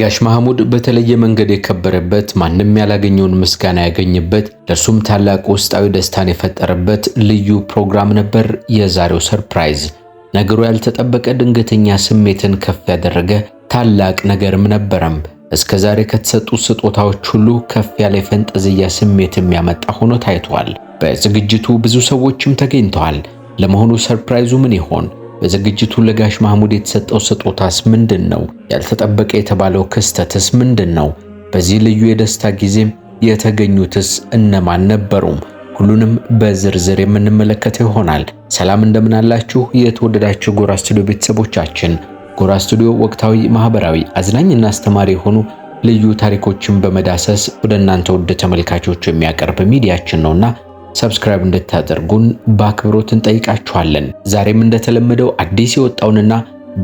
ጋሽ ማህሙድ በተለየ መንገድ የከበረበት ማንም ያላገኘውን ምስጋና ያገኘበት ለሱም ታላቅ ውስጣዊ ደስታን የፈጠረበት ልዩ ፕሮግራም ነበር የዛሬው ሰርፕራይዝ። ነገሩ ያልተጠበቀ ድንገተኛ ስሜትን ከፍ ያደረገ ታላቅ ነገርም ነበረም። እስከ ዛሬ ከተሰጡ ስጦታዎች ሁሉ ከፍ ያለ የፈንጠዝያ ስሜት የሚያመጣ ሆኖ ታይቷል። በዝግጅቱ ብዙ ሰዎችም ተገኝተዋል። ለመሆኑ ሰርፕራይዙ ምን ይሆን? በዝግጅቱ ለጋሽ ማህሙድ የተሰጠው ስጦታስ ምንድን ነው? ያልተጠበቀ የተባለው ክስተትስ ምንድን ነው? በዚህ ልዩ የደስታ ጊዜም የተገኙትስ እነማን ነበሩም? ሁሉንም በዝርዝር የምንመለከት ይሆናል። ሰላም እንደምን አላችሁ? የተወደዳችሁ ጎራ ስቱዲዮ ቤተሰቦቻችን፣ ጎራ ስቱዲዮ ወቅታዊ፣ ማህበራዊ፣ አዝናኝና አስተማሪ የሆኑ ልዩ ታሪኮችን በመዳሰስ ወደ እናንተ ውድ ተመልካቾች የሚያቀርብ ሚዲያችን ነውና ሰብስክራይብ እንድታደርጉን በአክብሮት እንጠይቃችኋለን። ዛሬም እንደተለመደው አዲስ የወጣውንና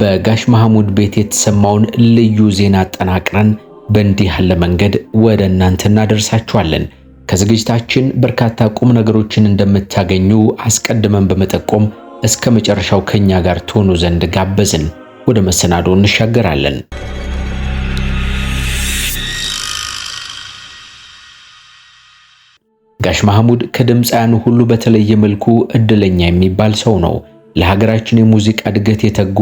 በጋሽ ማህሙድ ቤት የተሰማውን ልዩ ዜና አጠናቅረን በእንዲህ ያለ መንገድ ወደ እናንተ እናደርሳችኋለን። ከዝግጅታችን በርካታ ቁም ነገሮችን እንደምታገኙ አስቀድመን በመጠቆም እስከ መጨረሻው ከኛ ጋር ትሆኑ ዘንድ ጋበዝን። ወደ መሰናዶ እንሻገራለን። ጋሽ ማህሙድ ከድምፃውያኑ ሁሉ በተለየ መልኩ እድለኛ የሚባል ሰው ነው። ለሀገራችን የሙዚቃ እድገት የተጉ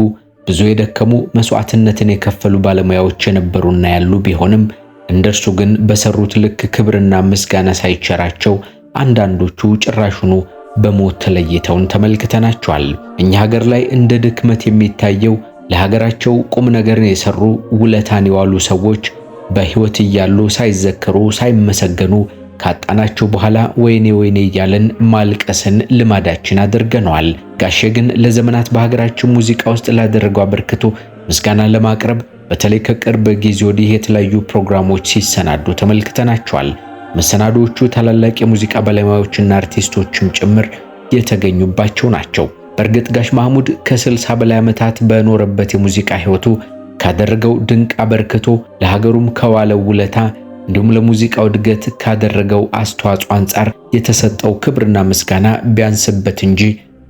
ብዙ የደከሙ መስዋዕትነትን የከፈሉ ባለሙያዎች የነበሩና ያሉ ቢሆንም እንደርሱ ግን በሰሩት ልክ ክብርና ምስጋና ሳይቸራቸው አንዳንዶቹ ጭራሹኑ በሞት ተለይተውን ተመልክተናቸዋል። እኛ ሀገር ላይ እንደ ድክመት የሚታየው ለሀገራቸው ቁም ነገርን የሰሩ ውለታን የዋሉ ሰዎች በህይወት እያሉ ሳይዘከሩ ሳይመሰገኑ ካጣናቸው በኋላ ወይኔ ወይኔ እያለን ማልቀስን ልማዳችን አድርገነዋል። ጋሼ ግን ለዘመናት በሀገራችን ሙዚቃ ውስጥ ላደረገው አበርክቶ ምስጋና ለማቅረብ በተለይ ከቅርብ ጊዜ ወዲህ የተለያዩ ፕሮግራሞች ሲሰናዱ ተመልክተናቸዋል። መሰናዶዎቹ ታላላቅ የሙዚቃ ባለሙያዎችና አርቲስቶችም ጭምር የተገኙባቸው ናቸው። በእርግጥ ጋሽ ማህሙድ ከ60 በላይ ዓመታት በኖረበት የሙዚቃ ህይወቱ ካደረገው ድንቅ አበርክቶ ለሀገሩም ከዋለው ውለታ እንዲሁም ለሙዚቃው እድገት ካደረገው አስተዋጽኦ አንጻር የተሰጠው ክብርና ምስጋና ቢያንስበት እንጂ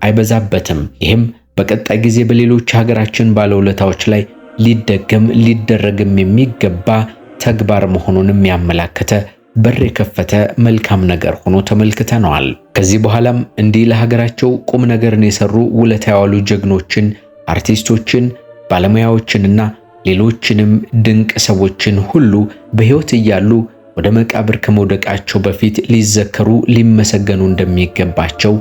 አይበዛበትም። ይህም በቀጣይ ጊዜ በሌሎች ሀገራችን ባለውለታዎች ላይ ሊደገም ሊደረግም የሚገባ ተግባር መሆኑንም ያመላከተ በር የከፈተ መልካም ነገር ሆኖ ተመልክተነዋል። ከዚህ በኋላም እንዲህ ለሀገራቸው ቁም ነገርን የሰሩ ውለታ ያዋሉ ጀግኖችን፣ አርቲስቶችን፣ ባለሙያዎችንና ሌሎችንም ድንቅ ሰዎችን ሁሉ በሕይወት እያሉ ወደ መቃብር ከመውደቃቸው በፊት ሊዘከሩ ሊመሰገኑ እንደሚገባቸው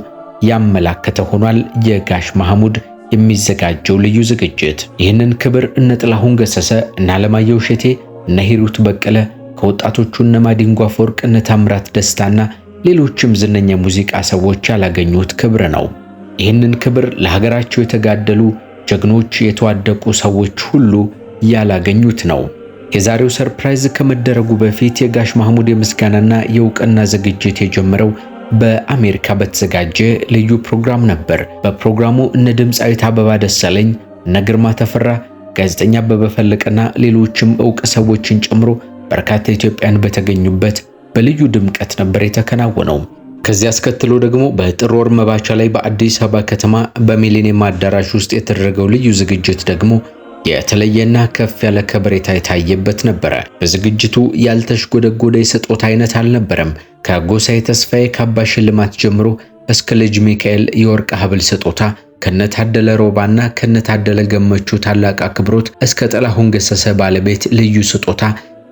ያመላከተ ሆኗል። የጋሽ ማህሙድ የሚዘጋጀው ልዩ ዝግጅት ይህንን ክብር እነ ጥላሁን ገሰሰ፣ እነ አለማየሁ እሸቴ፣ እነ ሂሩት በቀለ ከወጣቶቹ እነ ማዲንጎ አፈወርቅ፣ እነ ታምራት ደስታና ሌሎችም ዝነኛ ሙዚቃ ሰዎች ያላገኙት ክብር ነው። ይህንን ክብር ለሀገራቸው የተጋደሉ ጀግኖች የተዋደቁ ሰዎች ሁሉ ያላገኙት ነው። የዛሬው ሰርፕራይዝ ከመደረጉ በፊት የጋሽ ማህሙድ የምስጋናና የእውቅና ዝግጅት የጀመረው በአሜሪካ በተዘጋጀ ልዩ ፕሮግራም ነበር። በፕሮግራሙ እነ ድምፃዊት አበባ ደሰለኝ እነ ግርማ ተፈራ፣ ጋዜጠኛ አበበ ፈለቀና ሌሎችም እውቅ ሰዎችን ጨምሮ በርካታ ኢትዮጵያን በተገኙበት በልዩ ድምቀት ነበር የተከናወነው። ከዚህ አስከትሎ ደግሞ በጥር ወር መባቻ ላይ በአዲስ አበባ ከተማ በሚሊኒየም አዳራሽ ውስጥ የተደረገው ልዩ ዝግጅት ደግሞ የተለየና ከፍ ያለ ከበሬታ የታየበት ነበረ። በዝግጅቱ ያልተሽጎደጎደ የስጦታ አይነት አልነበረም። ከጎሳዬ ተስፋዬ ካባ ሽልማት ጀምሮ እስከ ልጅ ሚካኤል የወርቅ ሀብል ስጦታ ከነታደለ ሮባና ከነታደለ ገመቹ ታላቅ አክብሮት እስከ ጥላሁን ገሰሰ ባለቤት ልዩ ስጦታ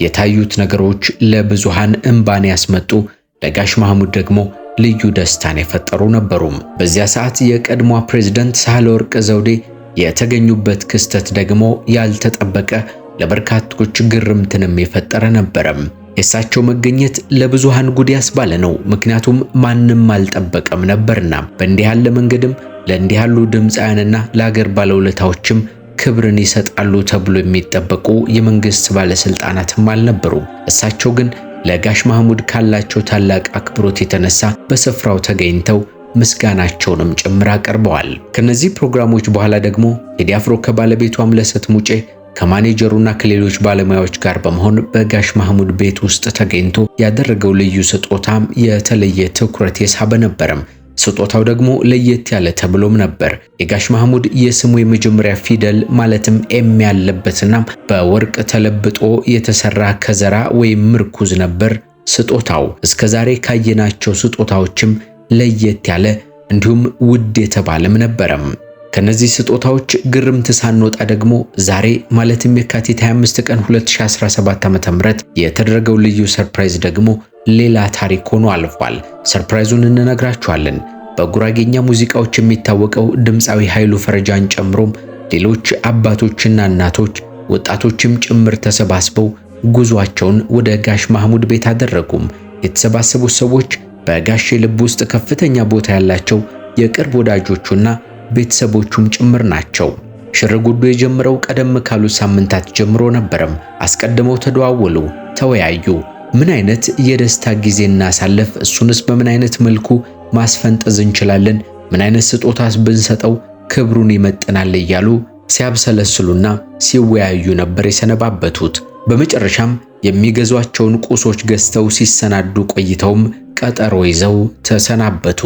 የታዩት ነገሮች ለብዙሃን እምባን ያስመጡ፣ ለጋሽ ማህሙድ ደግሞ ልዩ ደስታን የፈጠሩ ነበሩም። በዚያ ሰዓት የቀድሞ ፕሬዝዳንት ሳህለወርቅ ዘውዴ የተገኙበት ክስተት ደግሞ ያልተጠበቀ ለበርካቶች ግርምትንም የፈጠረ ነበረም። የእሳቸው መገኘት ለብዙሃን ጉድ ያስባለ ነው። ምክንያቱም ማንም አልጠበቀም ነበርና በእንዲህ ያለ መንገድም ለእንዲህ ያሉ ድምፃውያንና ለአገር ባለውለታዎችም ክብርን ይሰጣሉ ተብሎ የሚጠበቁ የመንግስት ባለስልጣናትም አልነበሩ እሳቸው ግን ለጋሽ ማህሙድ ካላቸው ታላቅ አክብሮት የተነሳ በስፍራው ተገኝተው ምስጋናቸውንም ጭምር አቅርበዋል። ከነዚህ ፕሮግራሞች በኋላ ደግሞ ቴዲ አፍሮ ከባለቤቱ አምለሰት ሙጬ ከማኔጀሩና ከሌሎች ባለሙያዎች ጋር በመሆን በጋሽ ማህሙድ ቤት ውስጥ ተገኝቶ ያደረገው ልዩ ስጦታም የተለየ ትኩረት የሳበ ነበረም። ስጦታው ደግሞ ለየት ያለ ተብሎም ነበር። የጋሽ ማህሙድ የስሙ የመጀመሪያ ፊደል ማለትም ኤም ያለበትና በወርቅ ተለብጦ የተሰራ ከዘራ ወይም ምርኩዝ ነበር ስጦታው። እስከዛሬ ካየናቸው ስጦታዎችም ለየት ያለ እንዲሁም ውድ የተባለም ነበረም። ከነዚህ ስጦታዎች ግርምት ሳንወጣ ደግሞ ዛሬ ማለትም የካቲት 25 ቀን 2017 ዓ.ም የተደረገው ልዩ ሰርፕራይዝ ደግሞ ሌላ ታሪክ ሆኖ አልፏል። ሰርፕራይዙን እንነግራችኋለን። በጉራጌኛ ሙዚቃዎች የሚታወቀው ድምፃዊ ኃይሉ ፈረጃን ጨምሮም ሌሎች አባቶችና እናቶች ወጣቶችም ጭምር ተሰባስበው ጉዟቸውን ወደ ጋሽ ማህሙድ ቤት አደረጉም። የተሰባሰቡት ሰዎች በጋሼ ልብ ውስጥ ከፍተኛ ቦታ ያላቸው የቅርብ ወዳጆቹና ቤተሰቦቹም ጭምር ናቸው። ሽርጉዱ የጀመረው ቀደም ካሉ ሳምንታት ጀምሮ ነበረም። አስቀድመው ተደዋወሉ፣ ተወያዩ። ምን አይነት የደስታ ጊዜ እናሳለፍ፣ እሱንስ በምን አይነት መልኩ ማስፈንጠዝ እንችላለን፣ ምን አይነት ስጦታስ ብንሰጠው ክብሩን ይመጥናል እያሉ ሲያብሰለስሉና ሲወያዩ ነበር የሰነባበቱት። በመጨረሻም የሚገዟቸውን ቁሶች ገዝተው ሲሰናዱ ቆይተውም ቀጠሮ ይዘው ተሰናበቱ።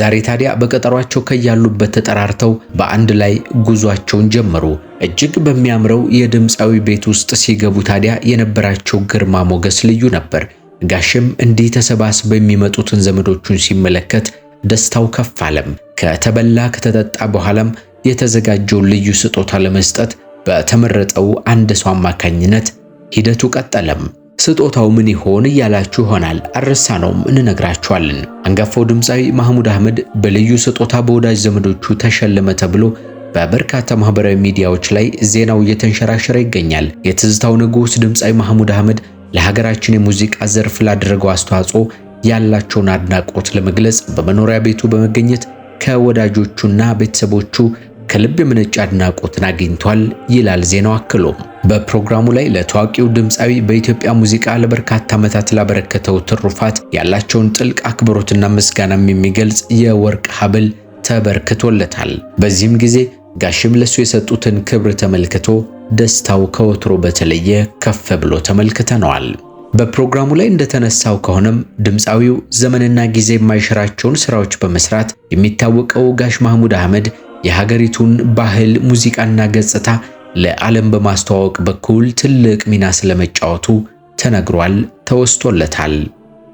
ዛሬ ታዲያ በቀጠሯቸው ከያሉበት ተጠራርተው በአንድ ላይ ጉዟቸውን ጀመሩ። እጅግ በሚያምረው የድምፃዊ ቤት ውስጥ ሲገቡ ታዲያ የነበራቸው ግርማ ሞገስ ልዩ ነበር። ጋሽም እንዲህ ተሰባስበው የሚመጡትን ዘመዶቹን ሲመለከት ደስታው ከፍ አለም። ከተበላ ከተጠጣ በኋላም የተዘጋጀውን ልዩ ስጦታ ለመስጠት በተመረጠው አንድ ሰው አማካኝነት ሂደቱ ቀጠለም። ስጦታው ምን ይሆን እያላችሁ ይሆናል። አረሳ ነውም እንነግራችኋለን። አንጋፋው ድምፃዊ ማህሙድ አህመድ በልዩ ስጦታ በወዳጅ ዘመዶቹ ተሸለመ ተብሎ በበርካታ ማህበራዊ ሚዲያዎች ላይ ዜናው እየተንሸራሸረ ይገኛል። የትዝታው ንጉስ ድምፃዊ ማህሙድ አህመድ ለሀገራችን የሙዚቃ ዘርፍ ላደረገው አስተዋጽኦ ያላቸውን አድናቆት ለመግለጽ በመኖሪያ ቤቱ በመገኘት ከወዳጆቹና ቤተሰቦቹ ከልብ የመነጭ አድናቆትን አግኝቷል ይላል ዜናው አክሎም በፕሮግራሙ ላይ ለታዋቂው ድምፃዊ በኢትዮጵያ ሙዚቃ ለበርካታ ዓመታት ላበረከተው ትሩፋት ያላቸውን ጥልቅ አክብሮትና ምስጋናም የሚገልጽ የወርቅ ሀብል ተበርክቶለታል። በዚህም ጊዜ ጋሽም ለሱ የሰጡትን ክብር ተመልክቶ ደስታው ከወትሮ በተለየ ከፍ ብሎ ተመልክተነዋል። በፕሮግራሙ ላይ እንደተነሳው ከሆነም ድምፃዊው ዘመንና ጊዜ የማይሽራቸውን ስራዎች በመስራት የሚታወቀው ጋሽ ማህሙድ አህመድ የሀገሪቱን ባህል ሙዚቃና ገጽታ ለዓለም በማስተዋወቅ በኩል ትልቅ ሚና ስለመጫወቱ ተነግሯል፣ ተወስቶለታል።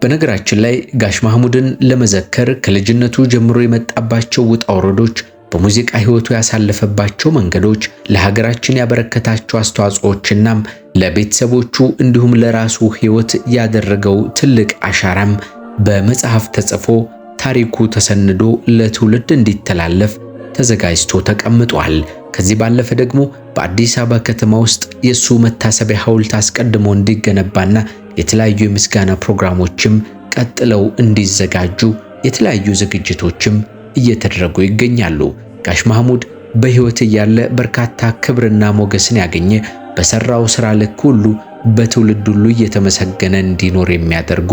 በነገራችን ላይ ጋሽ ማህሙድን ለመዘከር ከልጅነቱ ጀምሮ የመጣባቸው ውጣ ውረዶች፣ በሙዚቃ ህይወቱ ያሳለፈባቸው መንገዶች፣ ለሀገራችን ያበረከታቸው አስተዋጽኦችናም ለቤተሰቦቹ እንዲሁም ለራሱ ህይወት ያደረገው ትልቅ አሻራም በመጽሐፍ ተጽፎ ታሪኩ ተሰንዶ ለትውልድ እንዲተላለፍ ተዘጋጅቶ ተቀምጧል። ከዚህ ባለፈ ደግሞ በአዲስ አበባ ከተማ ውስጥ የእሱ መታሰቢያ ሐውልት አስቀድሞ እንዲገነባና የተለያዩ የምስጋና ፕሮግራሞችም ቀጥለው እንዲዘጋጁ የተለያዩ ዝግጅቶችም እየተደረጉ ይገኛሉ። ጋሽ ማህሙድ በሕይወት እያለ በርካታ ክብርና ሞገስን ያገኘ በሰራው ስራ ልክ ሁሉ በትውልድ ሁሉ እየተመሰገነ እንዲኖር የሚያደርጉ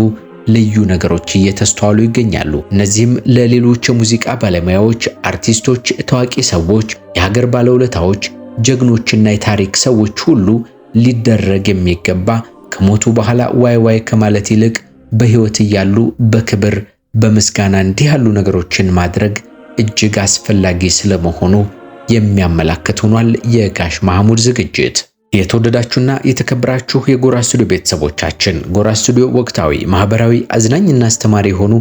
ልዩ ነገሮች እየተስተዋሉ ይገኛሉ። እነዚህም ለሌሎች የሙዚቃ ባለሙያዎች፣ አርቲስቶች፣ ታዋቂ ሰዎች፣ የሀገር ባለውለታዎች፣ ጀግኖችና የታሪክ ሰዎች ሁሉ ሊደረግ የሚገባ ከሞቱ በኋላ ዋይ ዋይ ከማለት ይልቅ በሕይወት እያሉ በክብር በምስጋና እንዲህ ያሉ ነገሮችን ማድረግ እጅግ አስፈላጊ ስለመሆኑ የሚያመላክት ሆኗል። የጋሽ ማህሙድ ዝግጅት የተወደዳችሁና የተከበራችሁ የጎራ ስቱዲዮ ቤተሰቦቻችን ጎራ ስቱዲዮ ወቅታዊ፣ ማህበራዊ፣ አዝናኝና አስተማሪ የሆኑ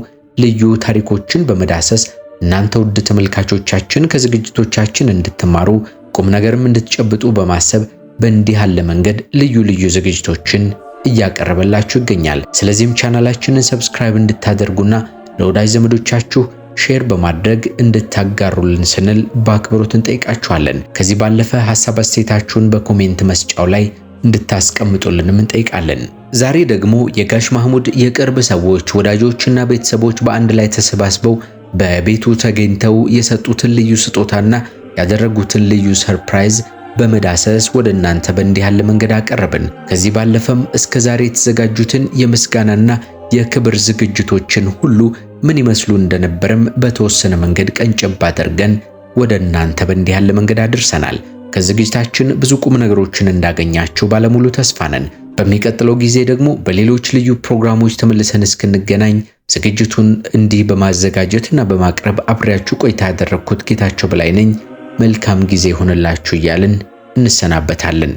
ልዩ ታሪኮችን በመዳሰስ እናንተ ውድ ተመልካቾቻችን ከዝግጅቶቻችን እንድትማሩ ቁም ነገርም እንድትጨብጡ በማሰብ በእንዲህ ያለ መንገድ ልዩ ልዩ ዝግጅቶችን እያቀረበላችሁ ይገኛል። ስለዚህም ቻናላችንን ሰብስክራይብ እንድታደርጉና ለወዳጅ ዘመዶቻችሁ ሼር በማድረግ እንድታጋሩልን ስንል በአክብሮት እንጠይቃችኋለን። ከዚህ ባለፈ ሐሳብ አስተያየታችሁን በኮሜንት መስጫው ላይ እንድታስቀምጡልንም እንጠይቃለን። ዛሬ ደግሞ የጋሽ ማህሙድ የቅርብ ሰዎች ወዳጆችና ቤተሰቦች በአንድ ላይ ተሰባስበው በቤቱ ተገኝተው የሰጡትን ልዩ ስጦታና ያደረጉትን ልዩ ሰርፕራይዝ በመዳሰስ ወደ እናንተ በእንዲህ ያለ መንገድ አቀረብን። ከዚህ ባለፈም እስከ ዛሬ የተዘጋጁትን የምስጋናና የክብር ዝግጅቶችን ሁሉ ምን ይመስሉ እንደነበርም በተወሰነ መንገድ ቀንጨብ አድርገን ወደ እናንተ በእንዲህ ያለ መንገድ አድርሰናል። ከዝግጅታችን ብዙ ቁም ነገሮችን እንዳገኛችሁ ባለሙሉ ተስፋ ነን። በሚቀጥለው ጊዜ ደግሞ በሌሎች ልዩ ፕሮግራሞች ተመልሰን እስክንገናኝ ዝግጅቱን እንዲህ በማዘጋጀትና በማቅረብ አብሬያችሁ ቆይታ ያደረግኩት ጌታቸው በላይ ነኝ። መልካም ጊዜ ይሆንላችሁ እያልን እንሰናበታለን።